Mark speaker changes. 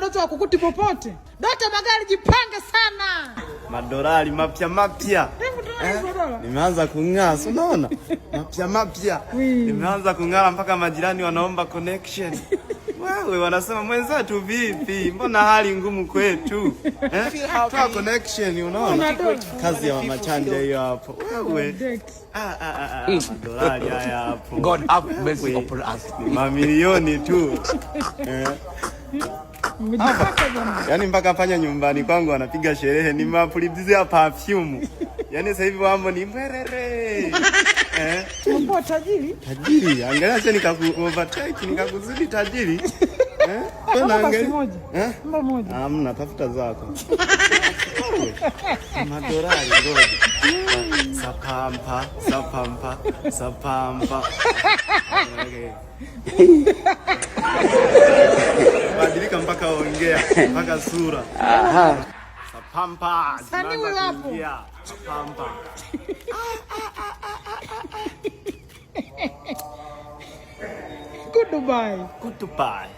Speaker 1: doto wakukuti popote. Doto magari jipange sana.
Speaker 2: Madorali mapya mapya. Eh? nimeanza kung'aa, si unaona? Mapya mapya. Nimeanza kung'aa mpaka majirani wanaomba connection. Wewe wanasema mwenzetu vipi? Mbona hali ngumu kwetu? Eh? Kwa connection unaona? Kazi ya Mama Chanja hiyo hapo. Wewe. Ah ah ah, ah, ah mm. hapo.
Speaker 3: God have mercy upon us.
Speaker 2: Mamilioni tu. Eh yani mpaka panya nyumbani kwangu anapiga sherehe, nimewapulizia perfume. Yaani sasa hivi wambo ni mwerere
Speaker 1: eh? Mbo tajiri,
Speaker 2: tajiri, angalia sasa nikaku overtake nikakuzidi tajiri eh? Eh? Mbo moja Amna ah, tafuta zako madorari ngoja, sapampa sapampa sapampa mpaka ongea mpaka sura. Aha. Sapampa. Yeah. Sapampa.
Speaker 1: Goodbye.
Speaker 2: Goodbye.